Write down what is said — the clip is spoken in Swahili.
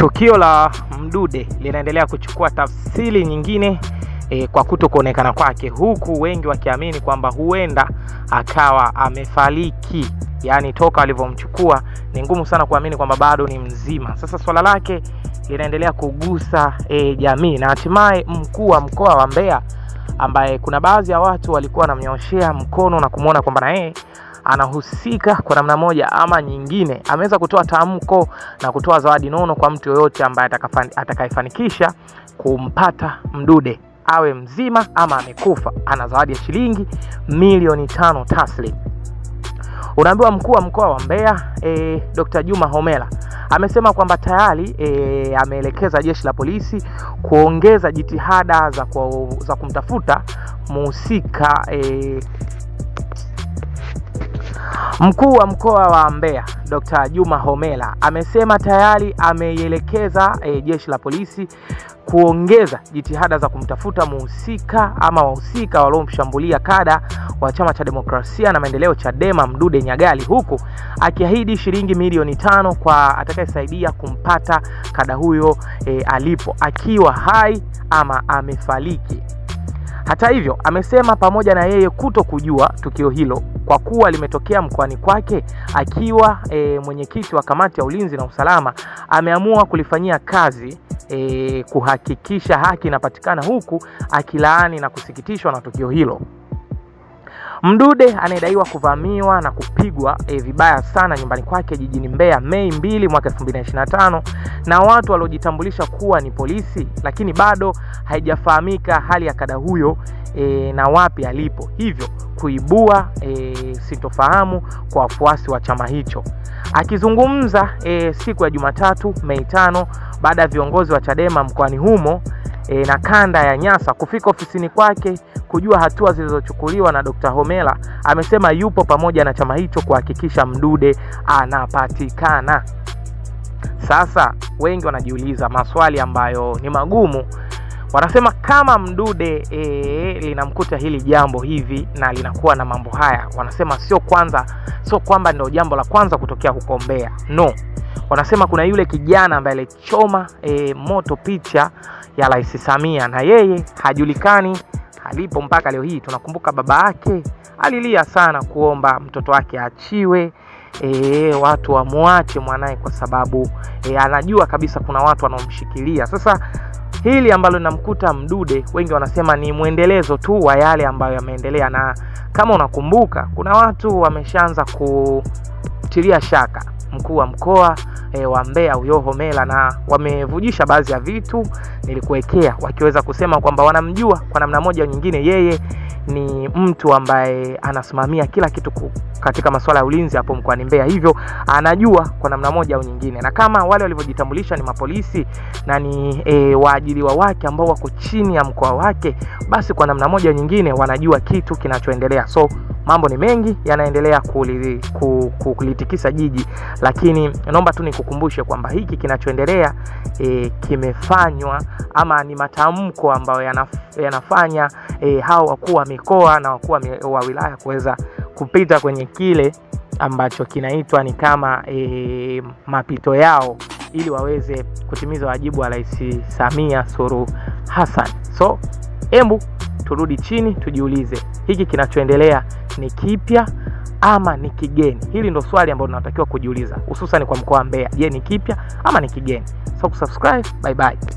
Tukio la Mdude linaendelea kuchukua tafsiri nyingine e, kwa kuto kuonekana kwake, huku wengi wakiamini kwamba huenda akawa amefariki. Yaani toka alivyomchukua ni ngumu sana kuamini kwamba bado ni mzima. Sasa swala lake linaendelea kugusa e, jamii na hatimaye mkuu wa mkoa wa Mbeya ambaye kuna baadhi ya watu walikuwa wanamnyoshea mkono na kumwona kwamba na yeye anahusika kwa namna moja ama nyingine, ameweza kutoa tamko na kutoa zawadi nono kwa mtu yoyote ambaye atakayefanikisha kumpata Mdude awe mzima ama amekufa, ana zawadi ya shilingi milioni tano taslim. Unaambiwa mkuu wa mkoa wa Mbeya e, Dr. Juma homela amesema kwamba tayari e, ameelekeza jeshi la polisi kuongeza jitihada za, kwa, za kumtafuta muhusika e, Mkuu wa mkoa wa Mbeya Dr. Juma homela amesema tayari ameielekeza e, jeshi la polisi kuongeza jitihada za kumtafuta muhusika ama wahusika waliomshambulia kada wa Chama cha Demokrasia na Maendeleo CHADEMA Mdude Nyagali, huku akiahidi shilingi milioni tano kwa atakayesaidia kumpata kada huyo e, alipo akiwa hai ama amefariki. Hata hivyo, amesema pamoja na yeye kuto kujua tukio hilo kwa kuwa limetokea mkoani kwake, akiwa e, mwenyekiti wa kamati ya ulinzi na usalama, ameamua kulifanyia kazi e, kuhakikisha haki inapatikana, huku akilaani na kusikitishwa na tukio hilo. Mdude anayedaiwa kuvamiwa na kupigwa e, vibaya sana nyumbani kwake jijini Mbeya Mei 2 mwaka 2025 na watu waliojitambulisha kuwa ni polisi, lakini bado haijafahamika hali ya kada huyo e, na wapi alipo, hivyo kuibua e, sintofahamu kwa wafuasi wa chama hicho. Akizungumza e, siku ya Jumatatu Mei tano baada ya viongozi wa Chadema mkoani humo e, na kanda ya Nyasa kufika ofisini kwake kujua hatua zilizochukuliwa na Dr. Homela, amesema yupo pamoja na chama hicho kuhakikisha Mdude anapatikana. Sasa wengi wanajiuliza maswali ambayo ni magumu. Wanasema kama Mdude e, linamkuta hili jambo hivi na linakuwa na mambo haya, wanasema sio kwanza, sio kwamba ndio jambo la kwanza kutokea huko Mbeya, no. Wanasema kuna yule kijana ambaye alichoma e, moto picha ya Rais Samia na yeye hajulikani alipo mpaka leo hii. Tunakumbuka baba yake alilia sana kuomba mtoto wake achiwe, e, watu wamwache mwanaye kwa sababu e, anajua kabisa kuna watu wanaomshikilia. Sasa hili ambalo linamkuta Mdude, wengi wanasema ni mwendelezo tu wa yale ambayo yameendelea, na kama unakumbuka kuna watu wameshaanza kutilia shaka mkuu wa mkoa e, wa Mbeya Uyo Homera, na wamevujisha baadhi ya vitu nilikuwekea, wakiweza kusema kwamba wanamjua kwa namna moja nyingine, yeye ni mtu ambaye anasimamia kila kitu katika masuala ya ulinzi hapo mkoani Mbeya, hivyo anajua kwa namna moja au nyingine, na kama wale walivyojitambulisha ni mapolisi na ni e, waajiriwa wake ambao wako chini ya mkoa wake, basi kwa namna moja nyingine wanajua kitu kinachoendelea so mambo ni mengi yanaendelea kulitikisa jiji, lakini naomba tu nikukumbushe kwamba hiki kinachoendelea e, kimefanywa ama ni matamko ambayo yanaf, yanafanya e, hao wakuu wa mikoa na wakuu wa wilaya kuweza kupita kwenye kile ambacho kinaitwa ni kama e, mapito yao ili waweze kutimiza wajibu wa Rais Samia Suluhu Hassan. So, hebu turudi chini tujiulize hiki kinachoendelea ni kipya ama ni kigeni? Hili ndo swali ambalo tunatakiwa kujiuliza, hususan kwa mkoa wa Mbeya. Je, ni kipya ama ni kigeni? So kusubscribe, bye bye.